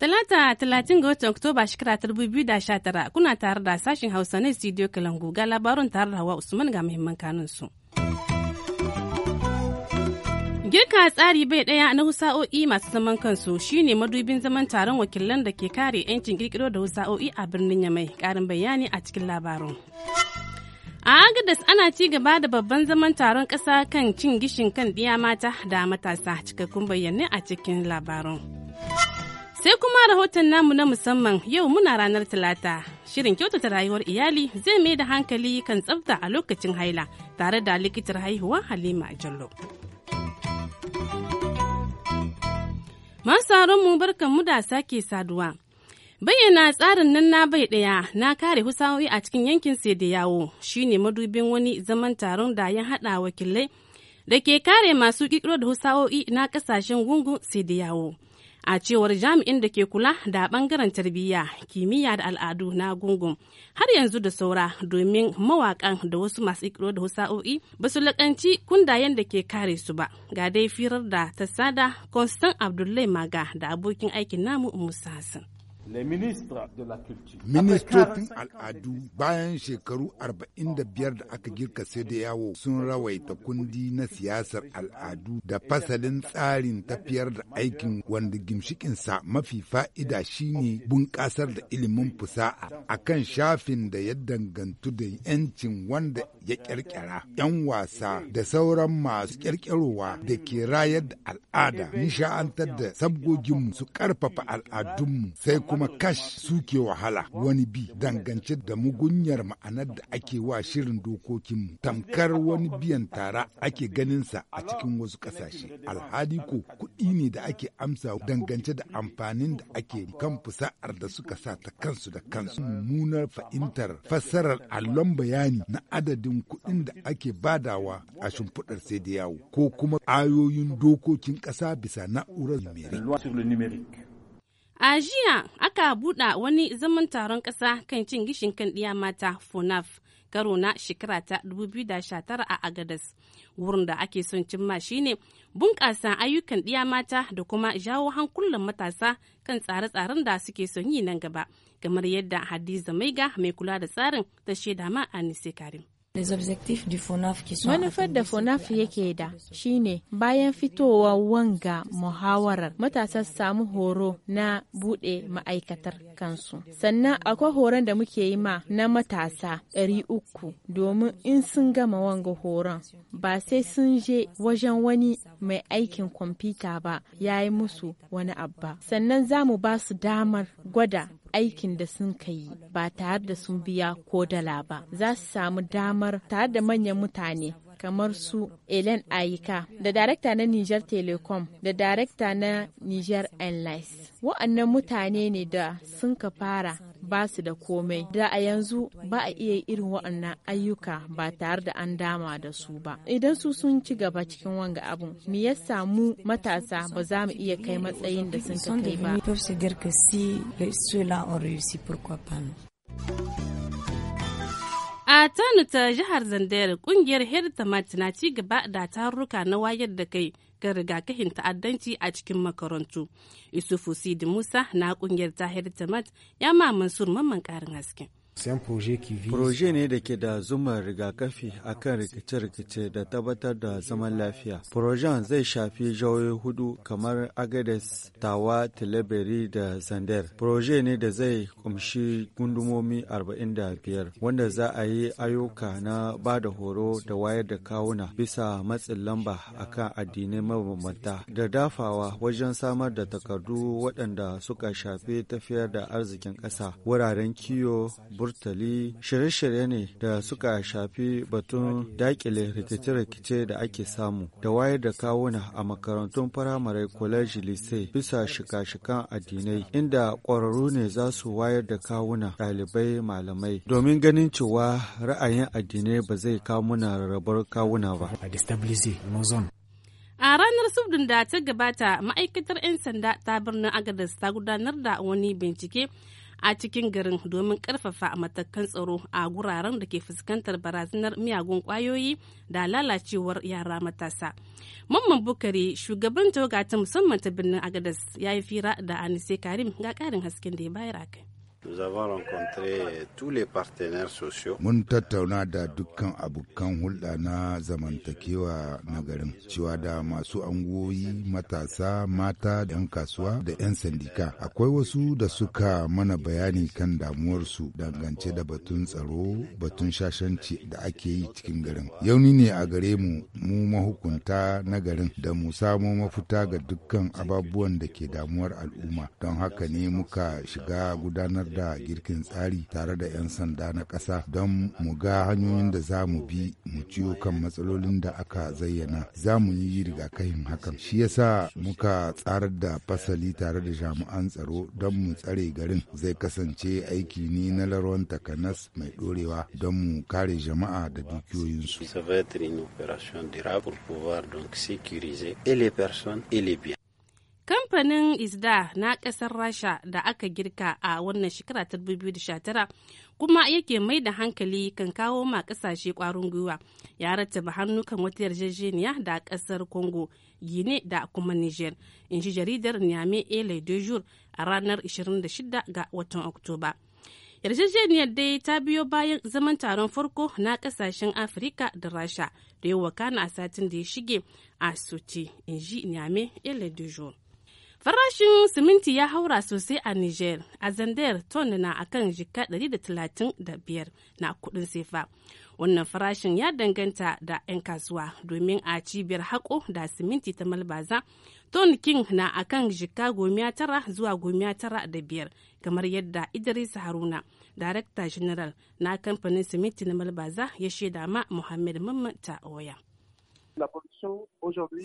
Talata talatin ga watan Oktoba shekara ta dubu biyu da sha tara kuna tare da sashen Hausa na studio Kalangu ga labarun tare da Hawa Usman ga muhimman kanunsu. su. Girka tsari bai ɗaya na husa'o'i masu zaman kansu shine madubin zaman taron wakilan da ke kare 'yancin kirkiro da husa'o'i a birnin Yamai. Karin bayani a cikin labarin. A Agadas ana ci gaba da babban zaman taron ƙasa kan cin gishin kan ɗiya mata da matasa cikakkun bayanai a cikin labarin. Sai kuma rahoton namu na musamman yau muna ranar Talata. Shirin kyautata rayuwar iyali zai mai da hankali kan tsafta a lokacin haila tare da likitar haihuwa Halima Jallo. Masu mu barkan mudasa da sake saduwa. Bayyana tsarin nan na bai ɗaya na kare husawoyi a cikin yankin sai da yawo shine madubin wani zaman taron da ya haɗa wakilai da ke kare masu ƙiƙiro da husawoyi na ƙasashen gungun sai da yawo. a cewar jami'in da ke kula da bangaren tarbiyya kimiyya da al'adu na gungun har yanzu da saura domin mawakan da wasu masu ikiro da husa'o'i ba su lakanci kundayen da ke kare su ba ga dai firar da ta sada constant abdullahi maga da abokin aikin namu musa hassan Ministocin al'adu bayan shekaru 45 da aka girka sai da yawo sun rawaita kundi na siyasar al'adu da fasalin tsarin tafiyar da aikin wanda gimshikinsa mafi fa'ida shine bunƙasar da ilimin fusa'a a kan shafin da ya dangantu da 'yancin wanda ya ƙirƙira, 'yan wasa da sauran masu ƙirƙirowa da ke rayar da al'ada, nisha'antar da sabgoginmu su ƙarfafa al'adunmu sai kuma zama kash suke wahala wani bi dangance da mugunyar ma'anar da ake wa shirin dokokinmu tamkar wani biyan tara ake ganinsa a cikin wasu ƙasashe alhali ko kuɗi ne da ake amsa dangance da amfanin da ake kan fusa'ar da suka sa ta kansu da kansu mummunar fahimtar fassarar allon bayani na adadin kuɗin da ake badawa a shimfiɗar sai da yawo ko kuma ayoyin dokokin ƙasa bisa na'urar numeric A jiya aka buɗa wani zaman taron ƙasa kan cin gishin kan ɗiya mata FONAF karo na shekara ta 2019 a Agadas. Wurin da ake son cimma shine bunƙasa ayyukan ɗiya mata da kuma jawo hankulan matasa kan tsare-tsaren da suke son yi nan gaba. Kamar yadda Hadiza Maiga mai kula da tsarin ta shaida ma nise Karim. Manufar da FONAF yake da shine bayan fitowa wanga muhawarar matasa samu horo na buɗe ma'aikatar kansu. Sannan akwai horon da muke yi ma na matasa 300 domin in sun gama wanga horon ba sai sun je wajen wani mai aikin kwamfuta ba ya yi musu wani abba. Sannan za mu ba su damar gwada aikin da sun ka yi ba tare da sun biya ko dala ba za su samu damar tare da manyan mutane kamar su Elen Ayika da darakta na Niger Telecom da darakta na Niger Airlines. Wa'annan mutane ne da sun ka fara ba su da komai da a yanzu ba a iya irin waɗannan ayyuka ba tare da an dama da su ba idan su sun ci gaba cikin wanga abun me ya samu matasa ba za mu iya kai matsayin da sun kai ba A tanu ta jihar zandar kungiyar Herita na ci gaba da tarurruka na wayar da kai ga rigakafin ta'addanci a cikin makarantu. Isufu Sidi Musa na kungiyar ta Heritamat ya ma Mansur mamman karin hasken. Proje ne da ke da zumar rigakafi akan rikice-rikice da tabbatar da zaman lafiya. Projen zai shafi jawoyi hudu kamar Agades, Tawa, Tilaberi da Zander. Proje ne da zai kumshi gundumomi 45 wanda za a yi ayyuka na ba da horo da wayar da kawuna bisa matsin lamba akan addinai mabambanta da dafawa wajen samar da takardu waɗanda suka shafi tafiyar da arzikin ƙasa, wuraren kiyo, murtali shirye-shirye ne da suka shafi batun dakile rikice-rikice da ake samu da wayar da kawuna a makarantun firamare kwaleji lise bisa shika-shikan addinai inda ƙwararru ne za su wayar da kawuna ɗalibai malamai domin ganin cewa ra'ayin addinai ba zai kamuna rarrabar kawuna ba. A ranar Subdin da ta gabata, ma'aikatar 'yan sanda ta birnin Agadas ta gudanar da wani bincike a cikin garin domin karfafa matakan tsaro a guraren da ke fuskantar barazanar miyagun kwayoyi da lalacewar yara matasa. Mamman Bukari shugaban ta musamman ta birnin Agadas ya yi fira da Anise Karim ga ƙarin hasken da ya bayar a kai. Mun tattauna da dukkan abokan hulɗa na zamantakewa na garin, cewa da masu angoyi, matasa, mata, 'yan kasuwa da 'yan sandika. Akwai wasu da suka mana bayani kan damuwarsu dangance da batun tsaro, batun shashanci da ake yi cikin garin. Yauni ne a gare mu, mu mahukunta na garin da mu samo mafuta ga dukkan ababuwan da ke damuwar al'umma. Don haka ne muka shiga gudanar da girkin tsari tare da 'yan sanda na ƙasa don mu ga hanyoyin da za mu bi mu ciyo kan matsalolin da aka zayyana za mu yi rigakafin hakan shi yasa muka tsarar da fasali tare da jami'an tsaro don mu tsare garin zai kasance aiki ne na laron takanas mai ɗorewa don mu kare jama'a da dukiyoyinsu. et les personnes et les biens. Kamfanin ISDA na kasar Rasha da aka girka a wannan shekara ta 2019 kuma yake mai da hankali kan kawo ma kasashe kwarin gwiwa ya rattaba hannu kan wata yarjejeniya da kasar Congo, Gine da kuma Niger, in ji jaridar niame Ele de a ranar 26 ga watan Oktoba. yarjejeniyar dai ta biyo bayan zaman taron farko na kasashen afirka da rasha da yawa kana a satin da ya shige a soti in ji nyame ele du Farashin siminti ya haura sosai a Niger, a Zandayar ton na akan jika 135 na kudin sefa. Wannan farashin ya danganta da 'yan kasuwa domin a cibiyar haƙo da siminti ta malbaza, ton king na akan jika gomiya tara zuwa gomiya tara da biyar kamar yadda Idris Haruna, director General na kamfanin siminti na malbaza ya shaida ma Muhammad Mamman ta waya.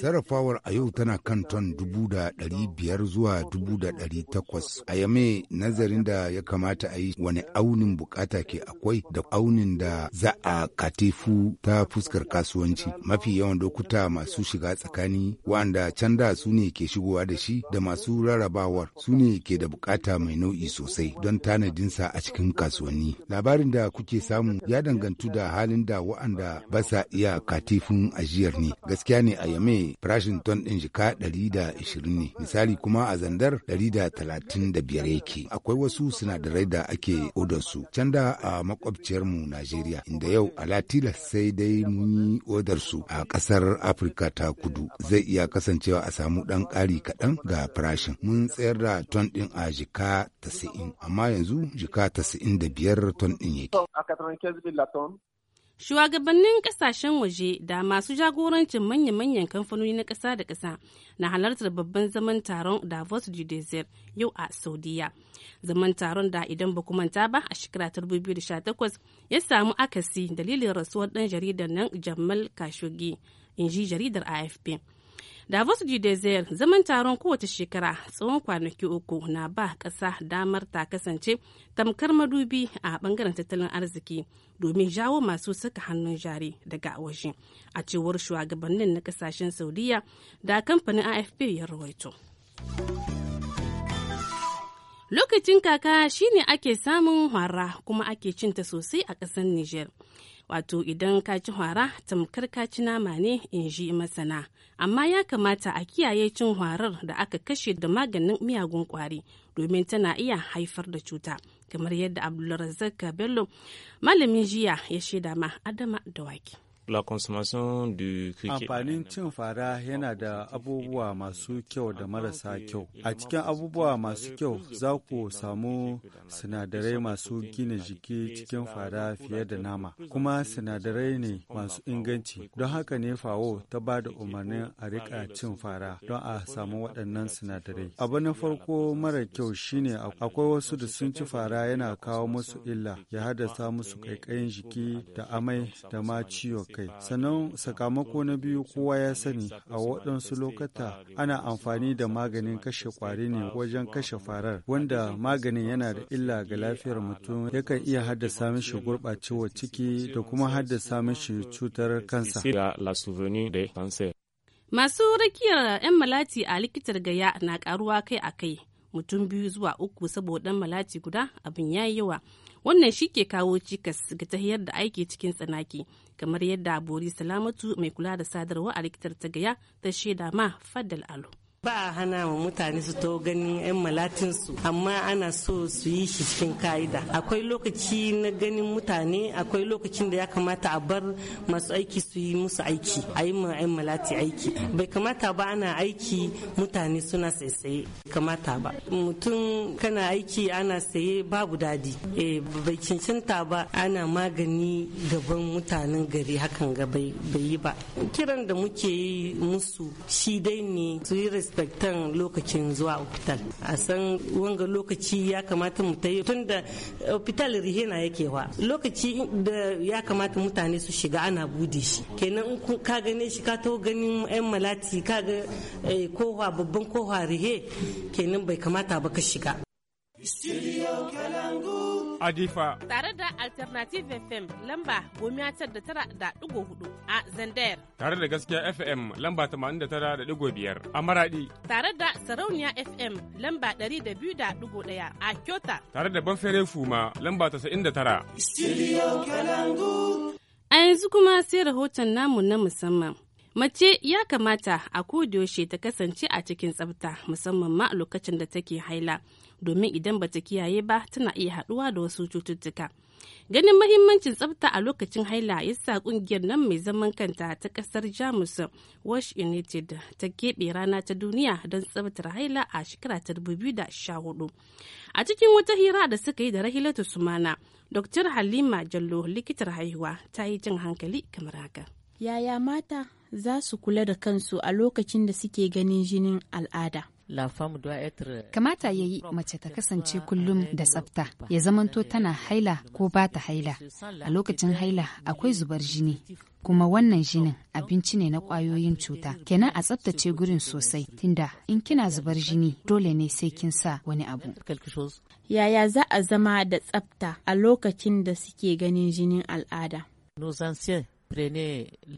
Sarrafawar a yau tana kan ton dubu da ɗari biyar zuwa dubu da ɗari takwas. A yame nazarin da ya kamata a yi wani aunin bukata ke akwai da aunin da za a katifu ta fuskar kasuwanci. Mafi yawan lokuta masu shiga tsakani wa'anda can da su ne ke shigowa da shi da masu rarrabawar su ne ke da bukata mai nau'i sosai don tanadinsa a cikin kasuwanni. Labarin da kuke samu ya dangantu da halin da wa'anda ba sa iya katifun ajiyar ne gaskiya ne a yame farashin ton ɗin jika ɗari da ne misali kuma a zandar ɗari da talatin da biyar yake akwai wasu sinadarai da ake su. can da a makwabciyarmu najeriya inda yau a Latila, sai dai mun yi su. a ƙasar afirka ta kudu zai iya kasancewa a samu ɗan kari kaɗan ga farashin mun tsayar da ton ɗin a jika tasa'in amma yanzu jika tasa'in da biyar ton ɗin yake Shugabannin kasashen waje da masu jagorancin manya-manyan kamfanoni na ƙasa da ƙasa na halartar babban zaman taron Davos du Desert yau a Saudiya. Zaman taron da idan ba manta ba a shekara 2018 ya samu akasi dalilin rasuwar ɗan jaridar nan Jamal Khashoggi, in ji jaridar AFP. Davos du Desert zaman taron kowace shekara tsawon kwanaki uku na ba ƙasa damar ta kasance tamkar madubi a bangaren tattalin arziki domin jawo masu saka hannun jari daga waje a cewar shugabannin na kasashen Saudiya da kamfanin AFP ya rawaito. Lokacin kaka shine ake samun hara kuma ake cinta sosai a ƙasar Niger. wato idan ka ci hwara tamkar ka ci nama ne in ji masana amma ya kamata a kiyaye cin hwarar da aka kashe da maganin miyagun kwari domin tana iya haifar da cuta kamar yadda abdulrazak bello malamin jiya ya shaida ma adama da wake La consommation du cricket. Amfanin cin fara yana da abubuwa masu kyau da marasa kyau. A cikin abubuwa masu kyau za ku samu sinadarai masu gina jiki cikin fara fiye da nama, kuma sinadarai ne masu inganci. Don haka ne fawo ta ba da umarnin a rika cin fara don a samu waɗannan sinadarai. Abu na farko mara kyau shine akwai wasu da sun ci fara yana kawo musu illa ya haddasa musu ƙaiƙayin jiki da amai da ma ciwo kai sannan sakamako na biyu kowa ya sani a waɗansu lokata ana amfani da maganin kashe ƙwari ne wajen kashe farar wanda maganin yana da illa ga lafiyar mutum yakan iya haddasa mishi gurɓacewar ciki da kuma haddasa mishi cutar kansa masu rakiyar 'yan malati a likitar gaya na karuwa kai a kai mutum biyu zuwa uku saboda malati guda abin yayi yawa wannan shi ke kawo cikas ga tahiyar da aiki cikin tsanaki kamar yadda bori salamatu mai kula da sadarwa a rikitar ta gaya ta shaida ma fadal alu ba a hana wa mutane su to ganin 'yan su amma ana so su yi shi cikin ka'ida akwai lokaci na ganin mutane akwai lokacin da ya kamata a bar masu aiki su yi musu aiki a yi ma 'yan malati aiki bai kamata ba ana aiki mutane suna saisaye kamata ba mutum kana aiki ana saye babu dadi e bai cancanta ba ana magani gaban mutanen gari hakan ga bai yi ba kiran da muke yi musu shi dai ne su yi respectan lokacin zuwa hospital a san wanga lokaci ya kamata mu tayi tun da hospital rihena yake wa lokaci da ya kamata mutane su shiga ana bude shi kenan in ka gane shi ka taho ganin yan malati ka ga eh, kowa babban kowa rihe kenan bai kamata ba ka shiga Studio Kalangu Adifa. Tare da Alternative FM lamba gomiya tar da tara da ɗigo hudu a Zandayar. Tare da gaskiya FM lamba tamanin da tara da ɗigo biyar a Maradi. Tare da Sarauniya FM lamba ɗari da biyu da ɗigo ɗaya a Kyota. Tare da Banfere Fuma lamba tasa'in da tara. Studio Kalangu. A yanzu kuma sai rahoton namu na musamman. Mace ya kamata a kodiyoshe ta kasance a cikin tsafta musamman ma a lokacin da take haila. domin idan bata kiyaye ba tana iya haɗuwa da wasu cututtuka. Ganin mahimmancin tsafta a lokacin haila yasa kungiyar nan mai zaman kanta ta kasar Jamus Wash United ta keɓe rana ta duniya don tsaftar haila a shekara ta 2014. A cikin wata hira da suka yi da Rahilatu Sumana, Dr. Halima Jallo likitar haihuwa ta yi jin hankali kamar haka. Yaya mata za su kula da kansu a lokacin da suke ganin jinin al'ada? Kamata ya yi mace ta kasance kullum da tsafta, ya zamanto tana haila ko ba ta haila. A lokacin haila akwai zubar jini, kuma wannan jinin abinci ne na kwayoyin cuta. Kenan a tsaftace gurin sosai, tunda in kina zubar jini dole ne sai kin sa wani abu. Yaya za a zama da tsafta a lokacin da suke ganin jinin al'ada?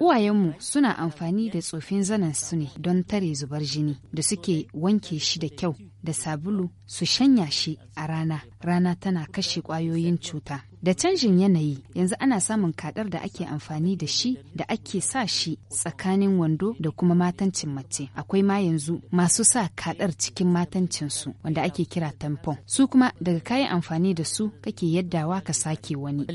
Uwayenmu suna amfani da tsofin zanen su ne don tare zubar jini da suke wanke shi da kyau da sabulu su shanya shi a rana. Rana tana kashe kwayoyin cuta. Da canjin yanayi yanzu ana samun kadar da ake amfani da shi da ake sa shi tsakanin wando da kuma matancin mace. Akwai ma yanzu masu sa kadar cikin matancinsu wanda ake kira tampon. Su kuma daga kayan amfani da su kake yaddawa ka sake wani.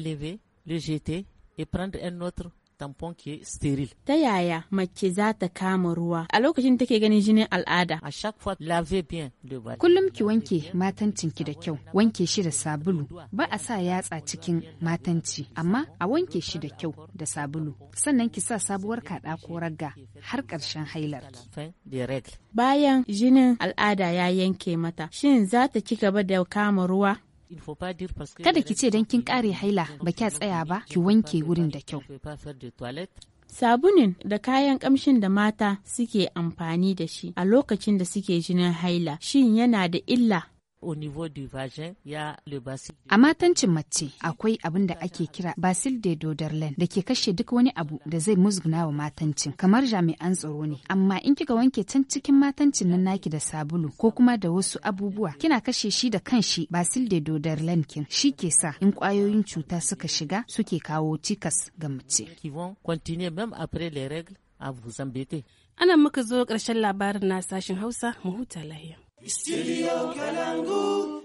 tampon ke steril. Ta yaya mace za ta kama ruwa a lokacin take ganin jinin al'ada? A chaque fois lave bien le bal. Kullum ki wanke matancinki da kyau, wanke shi da sabulu. Ba a sa yatsa cikin matanci, amma a wanke shi da kyau da sabulu. Sannan ki sa sabuwar kaɗa ko ragga har ƙarshen hailar. Bayan jinin al'ada ya yanke mata, shin za ta ci gaba da kama ruwa? Kada ki ce don kin kare haila ba kya tsaya ba, ki wanke wurin da kyau. Sabunin da kayan kamshin da mata suke amfani da shi a lokacin da suke jinin haila, shin yana da illa A matancin mace akwai abin da ake kira Basil de Doderlen da ke kashe duk wani abu da zai musguna wa matancin kamar jami'an tsaro ne. Amma in kika wanke can cikin matancin nan naki da sabulu ko kuma da wasu abubuwa kina kashe shi da kanshi Basil de Doderlen kin shi ke sa in kwayoyin cuta suka shiga suke kawo cikas ga mace. Ana muka zo karshen labarin na sashen Hausa mu huta lahiya. Studio Kalangu.